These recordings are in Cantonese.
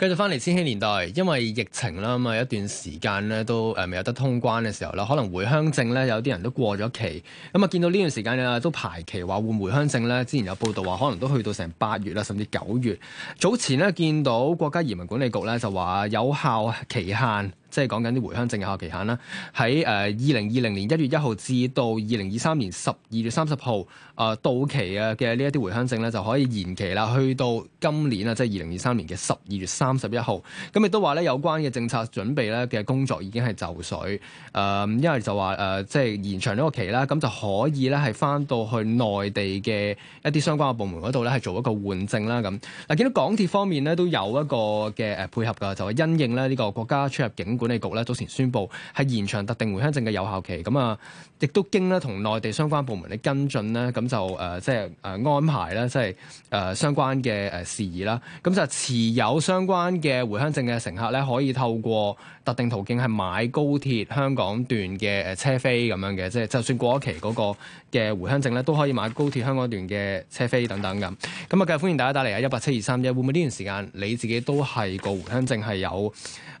繼續翻嚟千禧年代，因為疫情啦，嘛，一段時間咧都誒未有得通關嘅時候啦，可能回鄉證咧有啲人都過咗期，咁啊見到呢段時間咧都排期話換回鄉證咧，之前有報道話可能都去到成八月啦，甚至九月。早前咧見到國家移民管理局咧就話有效期限。即係講緊啲回鄉證嘅效期限啦，喺誒二零二零年一月一號至到二零二三年十二月三十號啊到期啊嘅呢一啲回鄉證咧，就可以延期啦，去到今年啊，即係二零二三年嘅十二月三十一號。咁亦都話咧有關嘅政策準備咧嘅工作已經係就緒誒、嗯，因為就話誒即係延長呢個期啦，咁就可以咧係翻到去內地嘅一啲相關嘅部門嗰度咧係做一個換證啦。咁嗱，見到港鐵方面咧都有一個嘅誒配合㗎，就係、是、因應咧呢個國家出入境管管理局咧早前宣布係延長特定回鄉證嘅有效期，咁啊亦都經咧同內地相關部門咧跟進咧，咁、嗯、就誒、呃、即係誒安排啦，即係誒、呃、相關嘅誒事宜啦。咁、嗯、就是、持有相關嘅回鄉證嘅乘客咧，可以透過特定途徑係買高鐵香港段嘅誒車飛咁樣嘅，即係就算過咗期嗰個嘅回鄉證咧，都可以買高鐵香港段嘅車飛等等咁。咁啊，繼、嗯、續歡迎大家打嚟啊，一八七二三一。會唔會呢段時間你自己都係個回鄉證係有誒、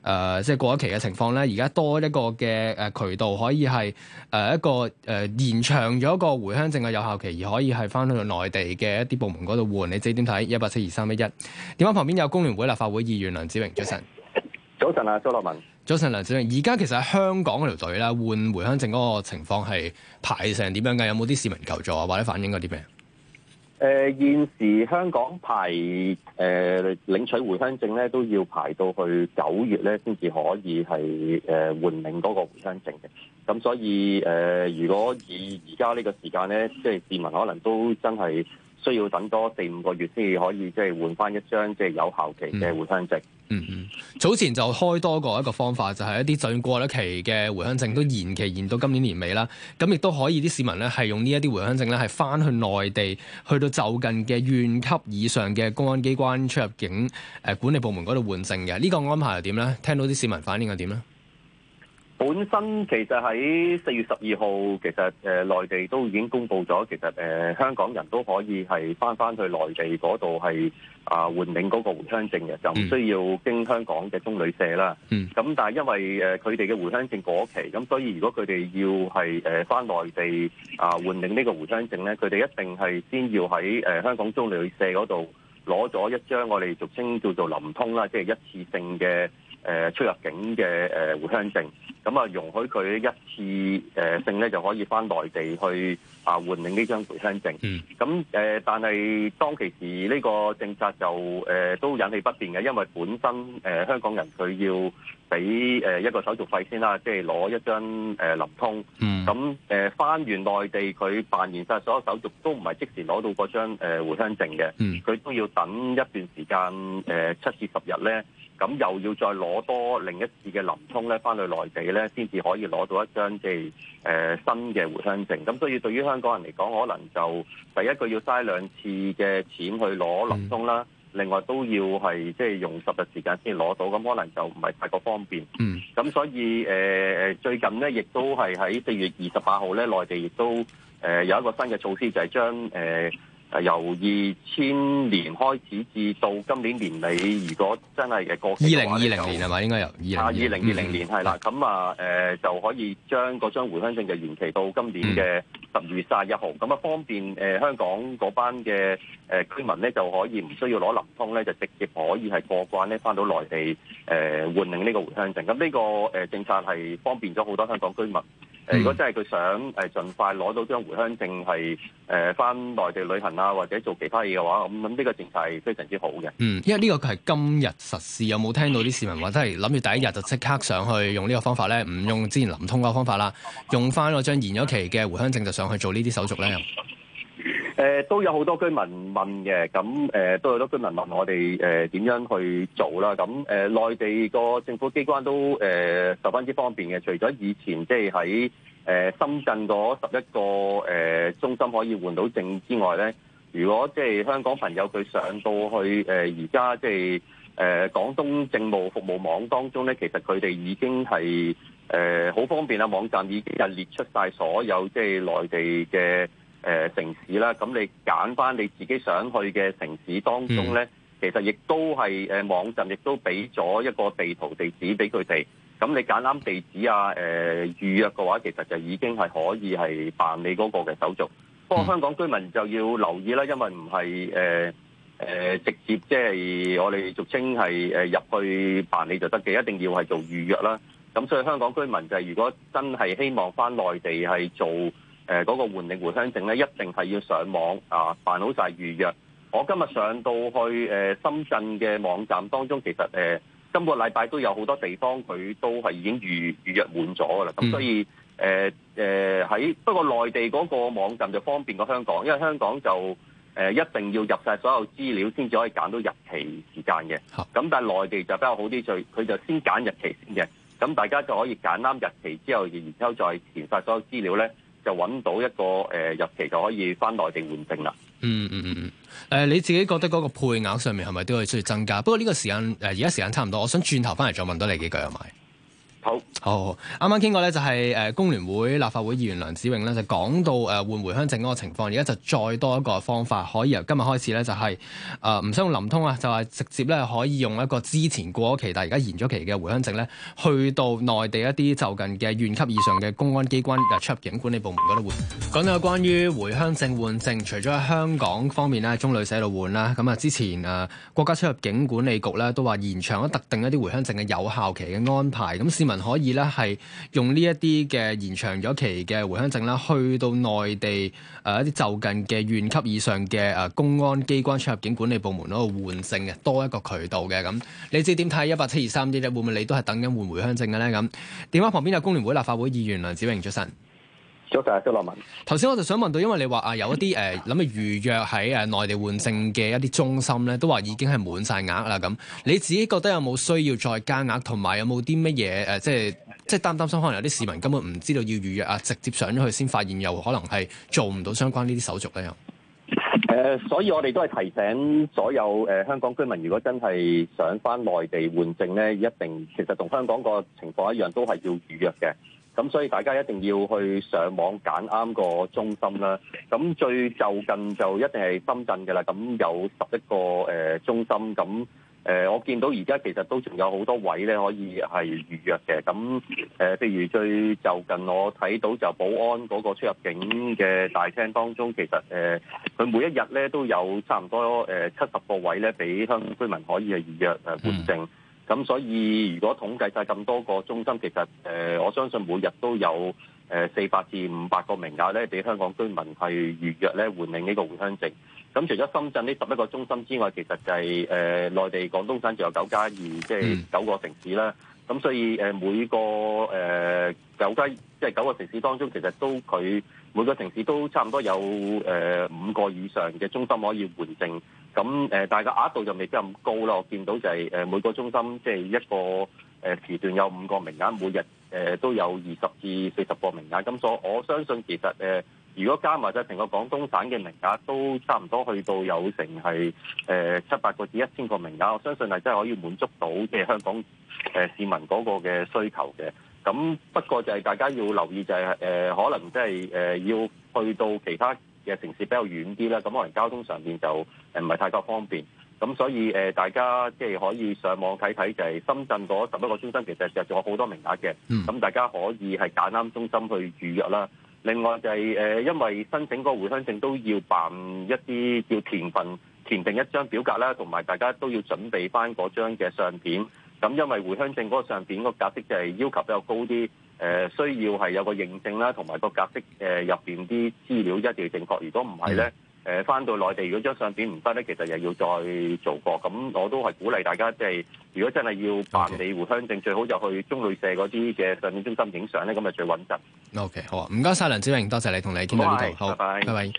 呃、即係過咗期？嘅情況咧，而家多一個嘅誒渠道，可以係誒一個誒、呃、延長咗個回鄉證嘅有效期，而可以係翻去內地嘅一啲部門嗰度換。你自己點睇？一八七二三一一，電話旁邊有工聯會立法會議員梁子穎，早晨，早晨啊，周樂文，早晨梁子穎。而家其實喺香港嗰條隊咧，換回鄉證嗰個情況係排成點樣嘅？有冇啲市民求助啊？或者反映過啲咩？誒、呃、現時香港排誒、呃、領取回鄉證咧，都要排到去九月咧，先至可以係誒、呃、換領嗰個回鄉證嘅。咁所以誒、呃，如果以而家呢個時間咧，即係市民可能都真係。需要等多四五個月先至可以即係換翻一張即係有效期嘅回鄉證。嗯嗯，嗯，早前就開多過一,一個方法，就係、是、一啲就過咗期嘅回鄉證都延期延到今年年尾啦。咁亦都可以啲市民咧係用呢一啲回鄉證咧係翻去內地，去到就近嘅縣級以上嘅公安機關出入境誒、呃、管理部門嗰度換證嘅。呢、呢個安排係點咧？聽到啲市民反映係點咧？本身其實喺四月十二號，其實誒、呃、內地都已經公布咗，其實誒、呃、香港人都可以係返返去內地嗰度係啊換領嗰個回鄉證嘅，就唔需要經香港嘅中旅社啦。咁、嗯、但係因為誒佢哋嘅回鄉證過期，咁所以如果佢哋要係誒返內地啊換領呢個回鄉證咧，佢哋一定係先要喺誒、呃、香港中旅社嗰度攞咗一張我哋俗稱叫做臨通啦，即係一次性嘅。誒出入境嘅誒回鄉證，咁啊容許佢一次誒性咧就可以翻內地去啊換領呢張回鄉證。咁誒，但係當其時呢個政策就誒都引起不便嘅，因為本身誒香港人佢要俾誒一個手續費先啦，即係攞一張誒臨通。咁誒翻完內地佢辦完晒所有手續都唔係即時攞到嗰張誒回鄉證嘅，佢都要等一段時間誒七至十日咧。咁又要再攞多另一次嘅林沖咧，翻去內地咧，先至可以攞到一張即係誒新嘅回鄉證。咁所以對於香港人嚟講，可能就第一個要嘥兩次嘅錢去攞林沖啦，另外都要係即係用十日時間先攞到，咁可能就唔係太過方便。嗯，咁所以誒、呃、最近咧，亦都係喺四月二十八號咧，內地亦都誒、呃、有一個新嘅措施，就係將誒。呃由二千年開始至到今年年尾，如果真係嘅過期嘅話，二零二零年係咪應該由二零二零年係啦，咁啊誒、呃、就可以將嗰張回鄉證就延期到今年嘅十二月三十一號，咁啊方便誒、呃、香港嗰班嘅誒、呃、居民咧，就可以唔需要攞臨通咧，就直接可以係過關咧，翻到內地誒換領呢個回鄉證。咁呢、呢個誒、呃、政策係方便咗好多香港居民。嗯、如果真係佢想誒盡快攞到張、呃、回鄉證，係誒翻內地旅行啊，或者做其他嘢嘅話，咁咁呢個政策非常之好嘅。嗯，因為呢個佢係今日實施，有冇聽到啲市民話，真係諗住第一日就即刻上去用呢個方法咧，唔用之前臨通嘅方法啦，用翻嗰張延咗期嘅回鄉證就上去做呢啲手續咧？誒都有好多居民問嘅，咁誒、呃、都有好多居民問我哋誒點樣去做啦。咁誒內地個政府機關都誒、呃、十分之方便嘅。除咗以前即係喺誒深圳嗰十一個誒、呃、中心可以換到證之外咧，如果即係香港朋友佢上到去誒而家即係誒廣東政務服務網當中咧，其實佢哋已經係誒好方便啦。網站已經係列出晒所有即係內地嘅。誒、呃、城市啦，咁你揀翻你自己想去嘅城市當中呢，其實亦都係誒網站亦都俾咗一個地圖地址俾佢哋。咁你揀啱地址啊，誒、呃、預約嘅話，其實就已經係可以係辦理嗰個嘅手續。不過香港居民就要留意啦，因為唔係誒誒直接即係、就是、我哋俗稱係誒入去辦理就得嘅，一定要係做預約啦。咁所以香港居民就係、是、如果真係希望翻內地係做。誒嗰、呃，那個換領回鄉證咧，一定係要上網啊，辦好晒預約。我今日上到去誒、呃、深圳嘅網站當中，其實誒、呃、今個禮拜都有好多地方佢都係已經預預約滿咗噶啦。咁所以誒誒喺不過內地嗰個網站就方便過香港，因為香港就誒、呃、一定要入晒所有資料先至可以揀到日期時間嘅。咁但係內地就比較好啲，就佢就先揀日期先嘅，咁大家就可以揀啱日期之後，然之後再填晒所有資料咧。就揾到一個誒、呃、日期就可以翻內地換證啦。嗯嗯嗯嗯。誒、呃、你自己覺得嗰個配額上面係咪都要需要增加？不過呢個時間誒而家時間差唔多，我想轉頭翻嚟再問多你幾句，係咪？好好好，啱啱傾過咧，就係誒工聯會立法會議員梁子穎咧，就講到誒換回鄉證嗰個情況，而家就再多一個方法，可以由今日開始咧、就是呃，就係誒唔使用臨通啊，就係直接咧可以用一個之前過咗期，但係而家延咗期嘅回鄉證咧，去到內地一啲就近嘅縣級以上嘅公安機關出入境管理部門嗰度換。講 到關於回鄉證換證，除咗喺香港方面咧，中旅社度換啦，咁啊之前誒國家出入境管理局咧都話延長咗特定一啲回鄉證嘅有效期嘅安排，咁民可以咧，係用呢一啲嘅延長咗期嘅回鄉證啦，去到內地誒一啲就近嘅縣級以上嘅誒公安機關出入境管理部門嗰度換證嘅，多一個渠道嘅咁。你知點睇一八七二三呢？會唔會你都係等緊換回鄉證嘅咧？咁電話旁邊有工聯會立法會議員梁子穎，早晨。早晨，周樂文。頭先我就想問到，因為你話啊，有一啲誒諗住預約喺誒內地換證嘅一啲中心咧，都話已經係滿晒額啦咁。你自己覺得有冇需要再加額？同埋有冇啲乜嘢誒？即係即係擔唔擔心，可能有啲市民根本唔知道要預約啊，直接上咗去先發現，又可能係做唔到相關呢啲手續咧？又誒、呃，所以我哋都係提醒所有誒、呃、香港居民，如果真係想返內地換證咧，一定其實同香港個情況一樣，都係要預約嘅。咁所以大家一定要去上網揀啱個中心啦。咁最就近就一定係深圳嘅啦。咁有十一個誒中心。咁誒我見到而家其實都仲有好多位咧可以係預約嘅。咁誒譬如最就近我睇到就寶安嗰個出入境嘅大廳當中，其實誒佢每一日咧都有差唔多誒七十個位咧俾香港居民可以係預約誒換證。咁所以如果統計晒咁多個中心，其實誒、呃、我相信每日都有誒四百至五百個名額咧，俾香港居民係預約咧換領呢個回鄉證。咁除咗深圳呢十一個中心之外，其實就係、是、誒、呃、內地廣東省仲有九加二，即係九個城市啦。咁、嗯、所以誒每個誒九加即係九個城市當中，其實都佢每個城市都差唔多有誒五、呃、個以上嘅中心可以換證。咁誒，但係個額度就未必咁高啦。我見到就係誒每個中心即係一個誒時段有五個名額，每日誒都有二十至四十個名額。咁所以我相信其實誒，如果加埋曬成個廣東省嘅名額，都差唔多去到有成係誒七八個至一千個名額。我相信係真係可以滿足到嘅香港誒市民嗰個嘅需求嘅。咁不過就係大家要留意就係誒，可能即係誒要去到其他。嘅城市比較遠啲啦，咁可能交通上邊就誒唔係太夠方便，咁所以誒、呃、大家即係可以上網睇睇，就係、是、深圳嗰十一個中心其實就仲有好多名額嘅，咁、嗯、大家可以係揀啱中心去預約啦。另外就係、是、誒、呃，因為申請嗰個回鄉證都要辦一啲叫填份填定一張表格啦，同埋大家都要準備翻嗰張嘅相片。咁因為回鄉證嗰個相片個格式就係要求比較高啲。誒需要係有個認證啦，同埋個格式誒入邊啲資料一定要正確。如果唔係咧，誒翻到內地如果張相片唔得咧，其實又要再做過。咁我都係鼓勵大家即係。就是如果真係要辦理回鄉證，Okay. 最好就去中旅社嗰啲嘅上面中心影相咧，咁咪最穩陣。O、okay, K，好啊，唔該晒梁子穎，多謝你同你傾到呢度。Bye bye. 好，拜拜。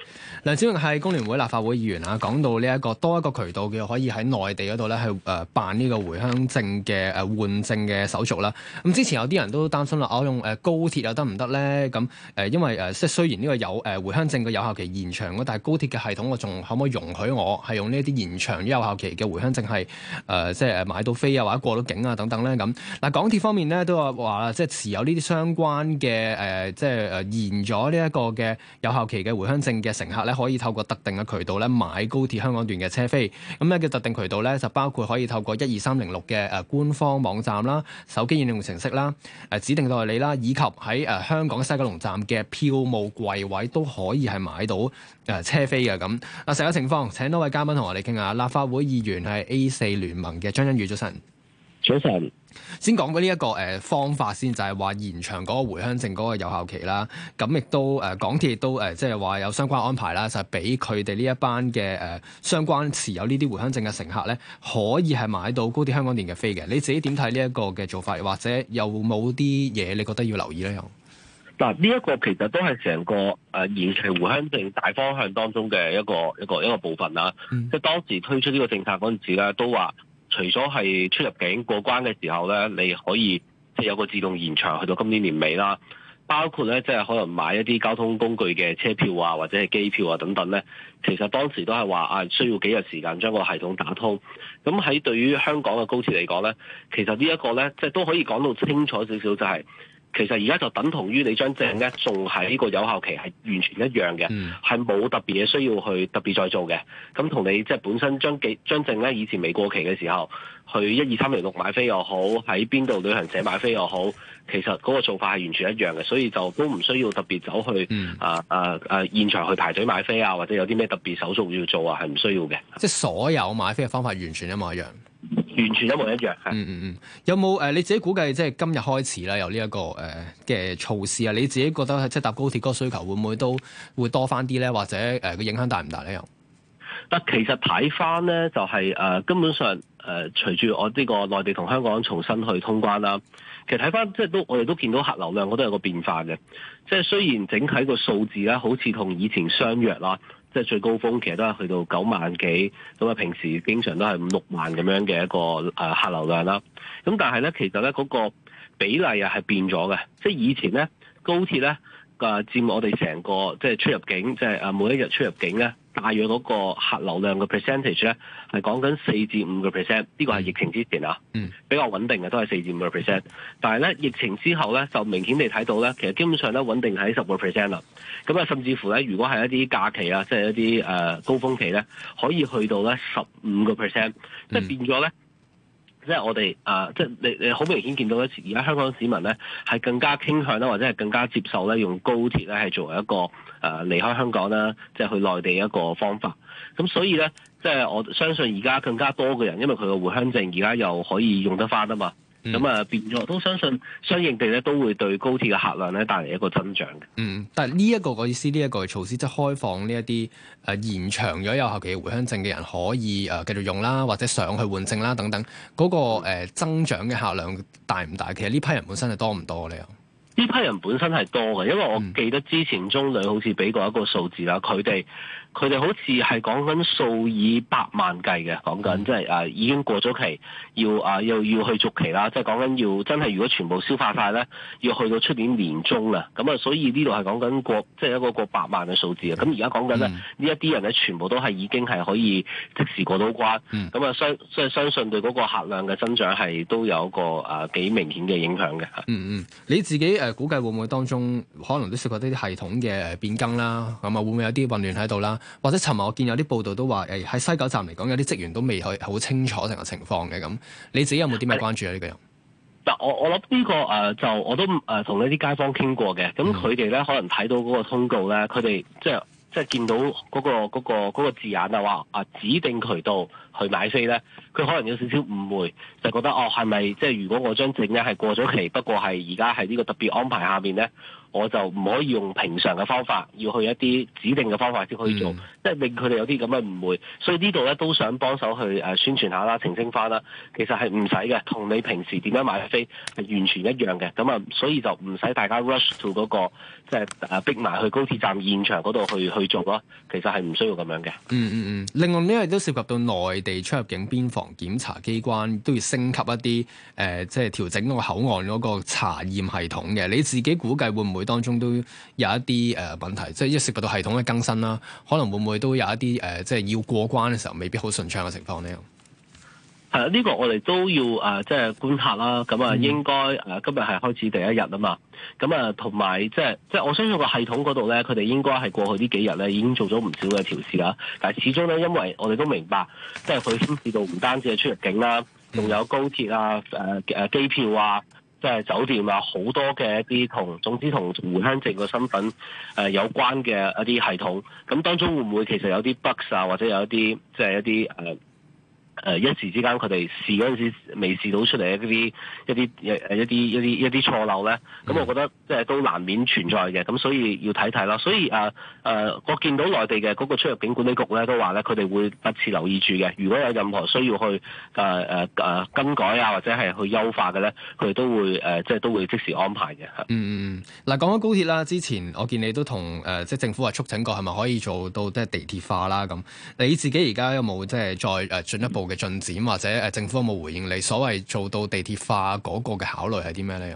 梁子穎係工聯會立法會議員啊，講到呢一個多一個渠道嘅可以喺內地嗰度咧，係、呃、誒辦呢個回鄉證嘅誒換證嘅手續啦。咁、嗯、之前有啲人都擔心啦，我用誒高鐵又得唔得咧？咁、嗯、誒，因為誒，即、呃、係雖然呢個有誒、呃、回鄉證嘅有效期延長，但係高鐵嘅系統我仲可唔可以容許我係用呢一啲延長有效期嘅回鄉證係誒，即係誒買到又或者過到境啊等等咧咁，嗱港鐵方面咧都話話即係持有呢啲相關嘅誒、呃，即係誒、呃、延咗呢一個嘅有效期嘅回鄉證嘅乘客咧，可以透過特定嘅渠道咧買高鐵香港段嘅車票。咁咧嘅特定渠道咧就包括可以透過一二三零六嘅誒官方網站啦、手機應用程式啦、誒指定代理啦，以及喺誒香港西九龍站嘅票務櫃位都可以係買到。誒車飛嘅咁，嗱成個情況，請多位嘉賓同我哋傾下。立法會議員係 A4 聯盟嘅張欣宇早晨，早晨。早晨先講過呢一個誒方法先，就係話延長嗰個回鄉證嗰個有效期啦。咁亦都誒港鐵亦都誒即係話有相關安排啦，就係俾佢哋呢一班嘅誒相關持有呢啲回鄉證嘅乘客咧，可以係買到高鐵香港段嘅飛嘅。你自己點睇呢一個嘅做法，或者有冇啲嘢你覺得要留意咧？嗱，呢一個其實都係成個誒、呃、延期回鄉證大方向當中嘅一個一個一個部分啦。嗯、即係當時推出呢個政策嗰陣時咧，都話除咗係出入境過關嘅時候咧，你可以即係有個自動延長去到今年年尾啦。包括咧，即係可能買一啲交通工具嘅車票啊，或者係機票啊等等咧，其實當時都係話啊，需要幾日時間將個系統打通。咁喺對於香港嘅高鐵嚟講咧，其實呢一個咧，即係都可以講到清楚少少，就係，就係。其實而家就等同於你張證咧，仲喺呢個有效期係完全一樣嘅，係冇、嗯、特別嘢需要去特別再做嘅。咁同你即係本身張記張證咧，以前未過期嘅時候，去一二三零六買飛又好，喺邊度旅行社買飛又好，其實嗰個做法係完全一樣嘅，所以就都唔需要特別走去呃呃呃現場去排隊買飛啊，或者有啲咩特別手續要做啊，係唔需要嘅。即係所有買飛嘅方法完全一模一樣。完全一模一樣嘅。嗯嗯嗯，有冇誒、呃、你自己估計即係今日開始啦，有呢一個誒嘅、呃、措施啊？你自己覺得即搭高鐵嗰個需求會唔會都會多翻啲咧？或者誒個、呃、影響大唔大咧？又，嗱，其實睇翻咧，就係、是、誒、呃、根本上誒、呃、隨住我呢個內地同香港重新去通關啦。其實睇翻即係都我哋都見到客流量，我都有個變化嘅。即係雖然整體個數字咧，好似同以前相若啦。即係最高峰，其實都係去到九萬幾，咁啊平時經常都係五六萬咁樣嘅一個誒客流量啦。咁但係咧，其實咧嗰個比例啊係變咗嘅，即係以前咧高鐵咧。個佔我哋成個即係出入境，即係啊每一日出入境咧，大約嗰個客流量嘅 percentage 咧，係講緊四至五個 percent。呢個係疫情之前啊，比較穩定嘅都係四至五個 percent。但係咧疫情之後咧，就明顯地睇到咧，其實基本上咧穩定喺十個 percent 啦。咁啊，甚至乎咧，如果係一啲假期啊，即係一啲誒高峰期咧，可以去到咧十五個 percent，即係變咗咧。嗯即係我哋啊、呃，即係你你好明顯見到咧，而家香港市民咧係更加傾向啦，或者係更加接受咧用高鐵咧係作為一個啊、呃、離開香港啦，即係去內地一個方法。咁所以咧，即係我相信而家更加多嘅人，因為佢嘅回鄉證而家又可以用得翻啊嘛。咁啊，變咗都相信，相應地咧都會對高鐵嘅客量咧帶嚟一個增長嘅。嗯，嗯但係呢一個嘅意思，呢一個措施即係開放呢一啲誒延長咗有效期回鄉證嘅人可以誒繼續用啦，或者上去換證啦等等。嗰個、誒、增長嘅客量大唔大？其實呢批人本身係多唔多咧？呢批人本身係多嘅，因為我記得之前中旅好似俾過一個數字啦，佢哋佢哋好似係講緊數以百萬計嘅，講緊、嗯、即係啊已經過咗期，要啊又要，要去續期啦，即係講緊要真係如果全部消化晒咧，要去到出年年中啦。咁啊，所以呢度係講緊過即係一個過百萬嘅數字啊。咁而家講緊咧呢一啲人咧，全部都係已經係可以即時過到關，咁啊、嗯嗯、相即係相信對嗰個客量嘅增長係都有一個啊幾明顯嘅影響嘅。嗯嗯，你自己誒。嗯估計會唔會當中可能都涉及啲系統嘅誒變更啦，咁啊會唔會有啲混亂喺度啦？或者尋日我見有啲報道都話，誒喺西九站嚟講有啲職員都未去好清楚成個情況嘅咁，你自己有冇啲咩關注啊？呢個人？嗱、呃，我我諗呢個誒就我都誒同呢啲街坊傾過嘅，咁佢哋咧可能睇到嗰個通告咧，佢哋即係。即係見到嗰個、嗰個嗰個字眼啊，話啊指定渠道去買飛咧，佢可能有少少誤會，就覺得哦係咪即係如果我張證咧係過咗期，不過係而家係呢個特別安排下邊咧？我就唔可以用平常嘅方法，要去一啲指定嘅方法先可以做，嗯、即係令佢哋有啲咁嘅誤會，所以呢度咧都想幫手去誒宣傳下啦，澄清翻啦。其實係唔使嘅，同你平時點樣買飛係完全一樣嘅。咁啊，所以就唔使大家 rush to 嗰、嗰個，即、就、誒、是、逼埋去高鐵站現場度去去做咯。其實係唔需要咁樣嘅。嗯嗯嗯。另外呢，亦都涉及到內地出入境邊防檢查機關都要升級一啲誒、呃、即係調整嗰口岸嗰個查驗系統嘅。你自己估計會唔會？佢當中都有一啲誒、呃、問題，即係一涉及到系統嘅更新啦，可能會唔會都有一啲誒、呃，即係要過關嘅時候未必好順暢嘅情況呢？係啊，呢個我哋都要誒、呃，即係觀察啦。咁啊，應該誒、嗯、今日係開始第一日啊嘛。咁啊，同埋即係即係我相信個系統嗰度咧，佢哋應該係過去幾呢幾日咧已經做咗唔少嘅調試啦。但係始終咧，因為我哋都明白，即係佢涉及到唔單止係出入境啦，仲有高鐵啊、誒、啊、誒機票啊。即係酒店啊，好多嘅一啲同，總之同回鄉證個身份誒、呃、有關嘅一啲系統。咁當中會唔會其實有啲 bug 啊，或者有一啲即係一啲誒。呃誒，一時之間佢哋試嗰陣時，未試到出嚟一啲一啲一啲一啲一啲錯漏咧，咁我覺得即係都難免存在嘅，咁所以要睇睇咯。所以誒誒，我見到內地嘅嗰個出入境管理局咧，都話咧佢哋會不時留意住嘅。如果有任何需要去誒誒誒更改啊，或者係去優化嘅咧，佢哋都會誒即係都會即時安排嘅。嗯嗯嗯，嗱講緊高鐵啦，之前我見你都同誒、呃、即係政府話促請過，係咪可以做到即係地鐵化啦？咁你自己而家有冇即係再誒進一步？嘅進展或者誒政府有冇回應你所謂做到地鐵化嗰個嘅考慮係啲咩咧？又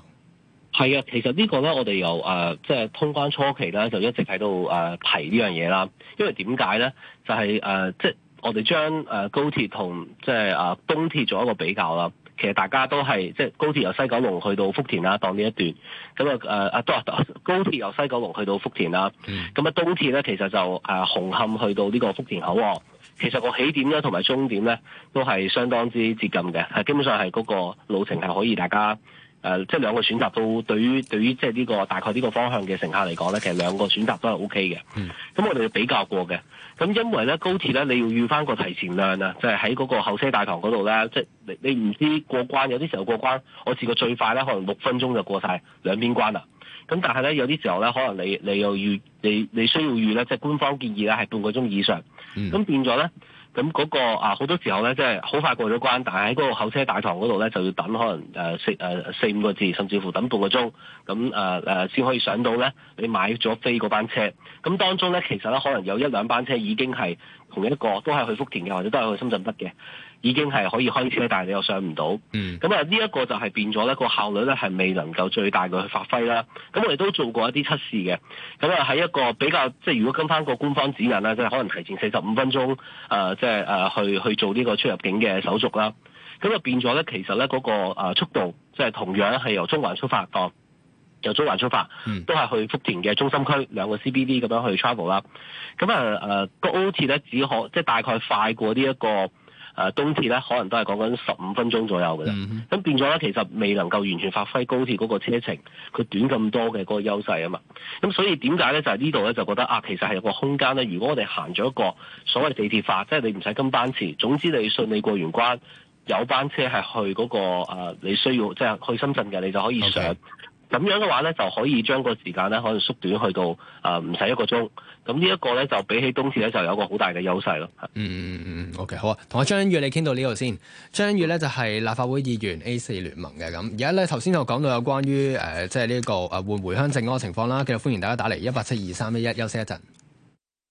係啊，其實呢個咧，我哋由誒即係通關初期咧，就一直喺度誒提呢樣嘢啦。因為點解咧？就係、是、誒、呃，即係我哋將誒高鐵同即係啊東鐵做一個比較啦。其實大家都係即係高鐵由西九龍去到福田啦，當呢一段咁啊誒啊都話高鐵由西九龍去到福田啦。咁啊東鐵咧，其實就誒、啊、紅磡去到呢個福田口岸。其實個起點咧同埋終點咧都係相當之接近嘅，係基本上係嗰個路程係可以大家誒，即係兩個選擇都對於對於即係呢個大概呢個方向嘅乘客嚟講咧，其實兩個選擇都係 O K 嘅。咁、嗯、我哋比較過嘅，咁因為咧高鐵咧你要預翻個提前量啊，就係喺嗰個候車大堂嗰度咧，即係你你唔知過關，有啲時候過關，我試過最快咧可能六分鐘就過晒兩邊關啦。咁但係咧，有啲時候咧，可能你你又要你你需要預咧，即係官方建議咧係半個鐘以上。咁、嗯、變咗咧，咁嗰、嗰個啊好多時候咧，即係好快過咗關，但係喺嗰個候車大堂嗰度咧就要等，可能誒、呃、四誒、呃、四五個字，甚至乎等半個鐘，咁誒誒先可以上到咧你買咗飛嗰班車。咁當中咧，其實咧可能有一兩班車已經係同一個都係去福田嘅，或者都係去深圳北嘅。已經係可以開車，但係你又上唔到。嗯，咁啊，呢一個就係變咗咧，個效率咧係未能夠最大嘅去發揮啦。咁我哋都做過一啲測試嘅。咁啊，喺一個比較即係如果跟返個官方指引咧，即係可能提前四十五分鐘，誒、呃，即係誒、呃、去去做呢個出入境嘅手續啦。咁就變咗呢，其實呢嗰個速度，即係同樣係由中環出發，當、呃、由中環出發，都係去福田嘅中心區兩個 CBD 咁樣去 travel 啦。咁啊誒高鐵呢，T、只可即係大概快過呢、這、一個。誒，東、啊、鐵咧可能都係講緊十五分鐘左右嘅啫，咁、嗯、哼變咗咧，其實未能夠完全發揮高鐵嗰個車程，佢短咁多嘅嗰、那個優勢啊嘛，咁所以點解咧就係、是、呢度咧就覺得啊，其實係有個空間咧，如果我哋行咗一個所謂地鐵化，即係你唔使跟班次，總之你順利過完關，有班車係去嗰、那個、啊、你需要，即係去深圳嘅你就可以上。Okay. 咁樣嘅話咧，就可以將個時間咧，可能縮短去到啊，唔使一個鐘。咁呢一個咧，就比起東鐵咧，就有個好大嘅優勢咯。嗯嗯嗯嗯。OK，好啊，同阿張欣宇你傾到呢度先。張欣宇咧就係立法會議員 A 四聯盟嘅咁。而家咧頭先就講到有關於誒、呃，即係呢、呢個啊換回鄉證嗰個情況啦。繼續歡迎大家打嚟一八七二三一一，2, 3, 1，休息一陣。